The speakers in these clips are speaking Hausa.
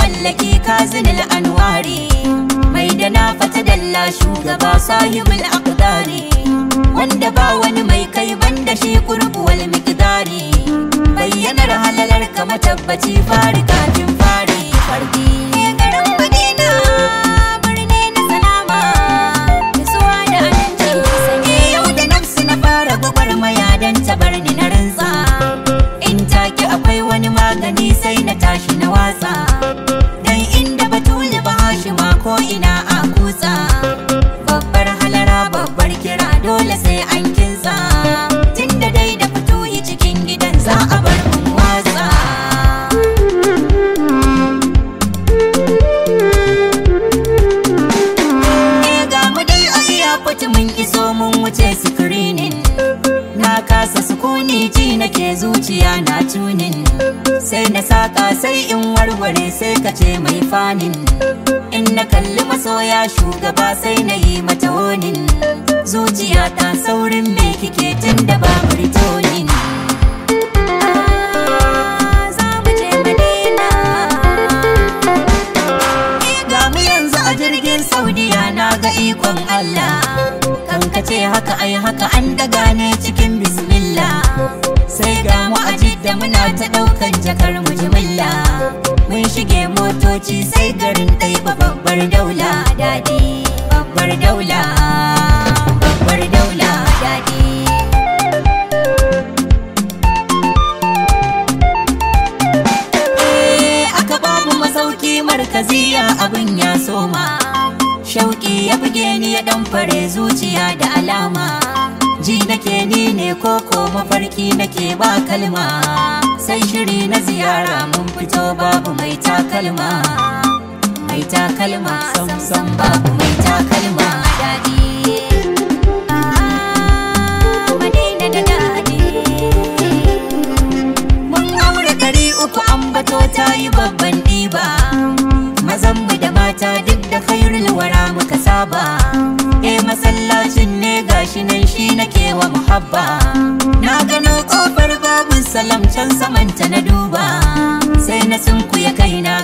mallaki kazinil anwari mai da na fata dalla shugaba sahibul aqdari wanda ba wani mai kai banda shi kurbuwal miqdari bayyanar halalar ka matabbaci fari kafin fari fardi za a bar mun watsa eh, ga mu dai a iya mun iso mun wuce sikirinin na kasa sukuni ji nake zuciya na tunin sai na saƙa sai in warware sai ka ce mai fanin in na kalli masoya shugaba sai na yi mata wonin zuciya ta saurin me kike tun da ba murtonin duniya na ga ikon Allah kan kace ce haka ai haka an daga ne cikin bismillah sai ga mu a jidda muna ta daukan jakar mu jimilla mun shige motoci sai garin dai babbar daula dadi babbar daula babbar daula dadi eh, markaziya abin ya soma shauki ya buge ni ya dan fare zuciya da alama ji nake ni ne koko mafarki nake ba kalma sai shiri na ziyara mun fito babu mai takalma mai takalma sam sam babu mai takalma ah, ta yi babban ɗiba ba e masallacin ne gashi nan shi nake wa muhabba na gano kofar babu salam can samanta na duba sai na sunkuya kaina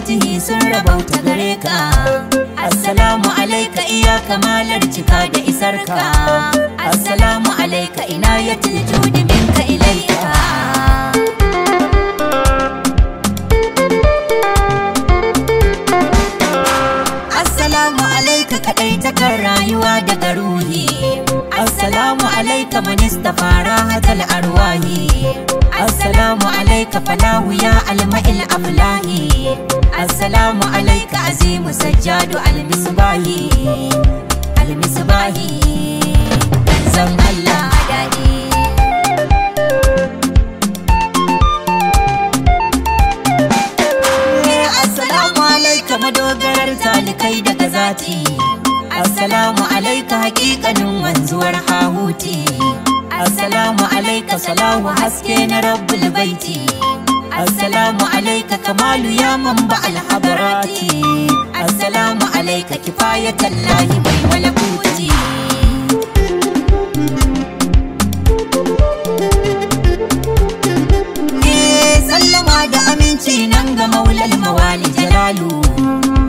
fatihi sun rabauta gare ka assalamu alaika iya kamalar cika da isarka assalamu alaika ina ya tiljo Assalamu alaika falahu ya alma'il ablahi Assalamu alaika azimu sajjadu almisbahi Almisbahi Zan Allah adadi eh, Assalamu alaika madogarar talikai daga zati Assalamu alaika hakikanin wanzuwar hahuti assalamu alaika salahu haske na rabbul baiti assalamu alaika kamalu ya mamba alhabarati assalamu alaika kifayatan lahi bai malakuti sallama da aminci nan ga maulal mawali jalalu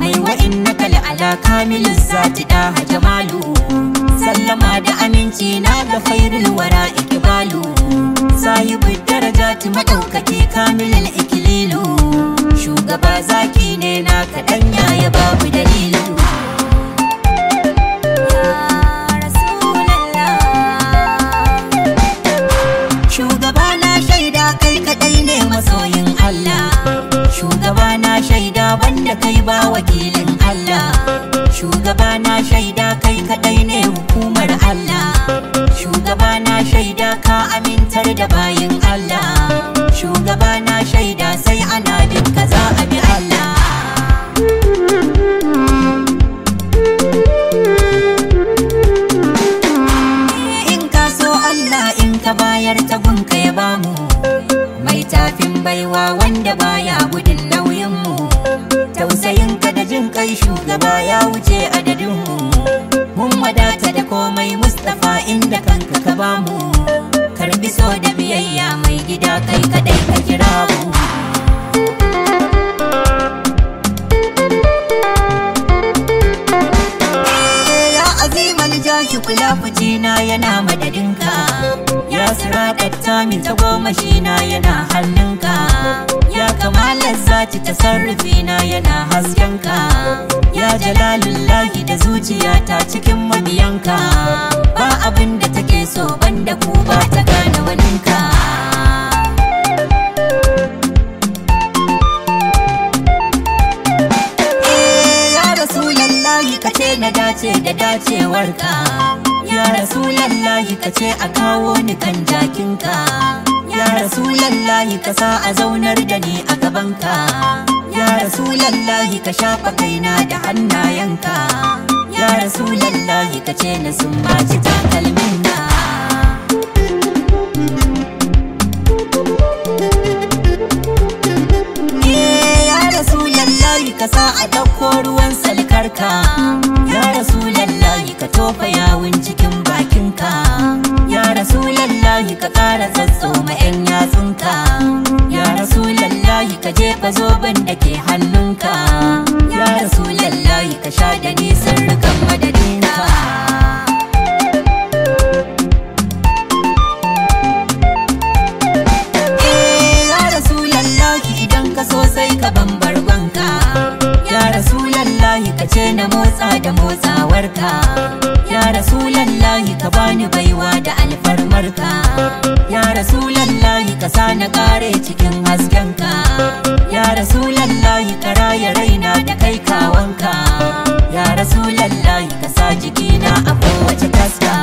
mai wa'in kala ala kamilin zati da jamalu sallama da aminci na ga fairul wara ikibalu sahibu darajati madaukaki kamilul ikililu shugaba zaki ne na kaɗan yaya babu dalilu shugaba na shaida kai kaɗai ne masoyin Allah Shugabana shaida banda kai ba wakilin. ta bayar ta gunka ya bamu mai tafin baiwa wanda baya gudun tausayin ka da jin kai shugaba ya wuce adadin mu mun wadata da komai mustapha inda kanka ka mu karbi so da biyayya mai gida kai kadai ka kira mu Yalillahi lillahi da ta cikin mabiyanka ba abin da take so banda ku ba ta gane waninka eh, kace na dace da dacewarka ya rasu rasulallahi kace a kawo ni kan jakinka ya rasu ka sa a zaunar da ni a gabanka ya rasulallahi ka shafa kaina da hannayenka ya rasulallahi ka ce na sun maji takalmin na eh, ya rasulallahi ka sa a ɗauko ruwan salkarka ka ya rasulallahi ka sa na kare cikin hasken ka ya rasulallahi ka raya raina da kai kawanka ya rasulallahi ka sa jikina a kowace taska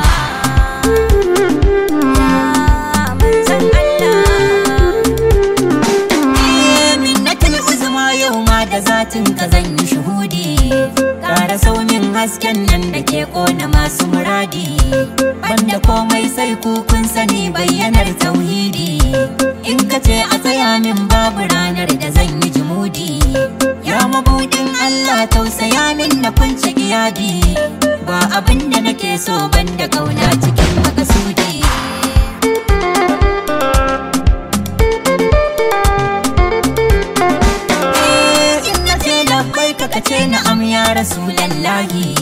zatin ka zan yi shuhu hasken nan da ke kona masu muradi banda komai sai ku kun sani bayyanar tauhidi in ka ce a tsaya min babu ranar da zan yi jimudi ya mabudin Allah tausaya min na kunce giyadi ba abin da nake so banda kauna cikin makasudi eh, ce na ya rasu lallahi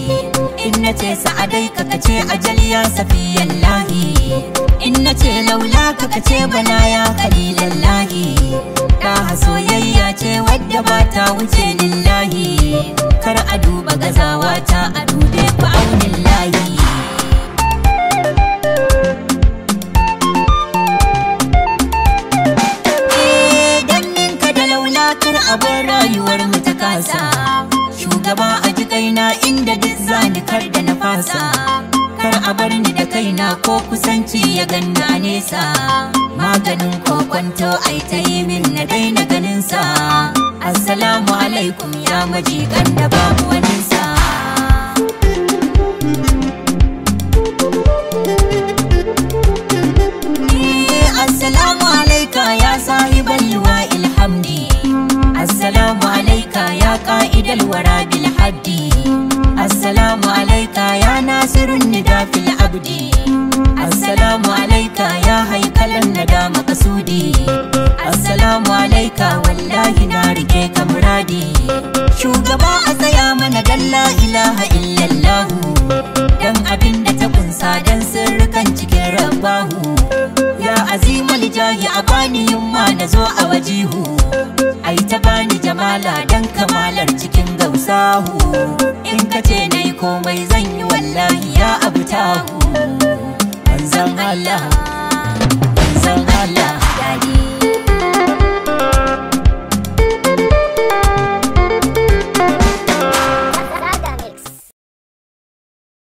in na ce sa'adai ka ce a ya safi yallahi in na ce laula ka ce bana ya lahi ta soyayya ce wadda ba ta wuce lillahi kar a duba gazawa ta a dube ku aunin eh, kar abin rayuwar mu ta kasa shugaba a ji kaina inda duk zani kar da na fasa kar a bar ni da kaina ko kusanci ya ganna nesa maganin ko kwanto ai ta yi min na daina ganin sa assalamu alaikum ya majikan da babu wani sa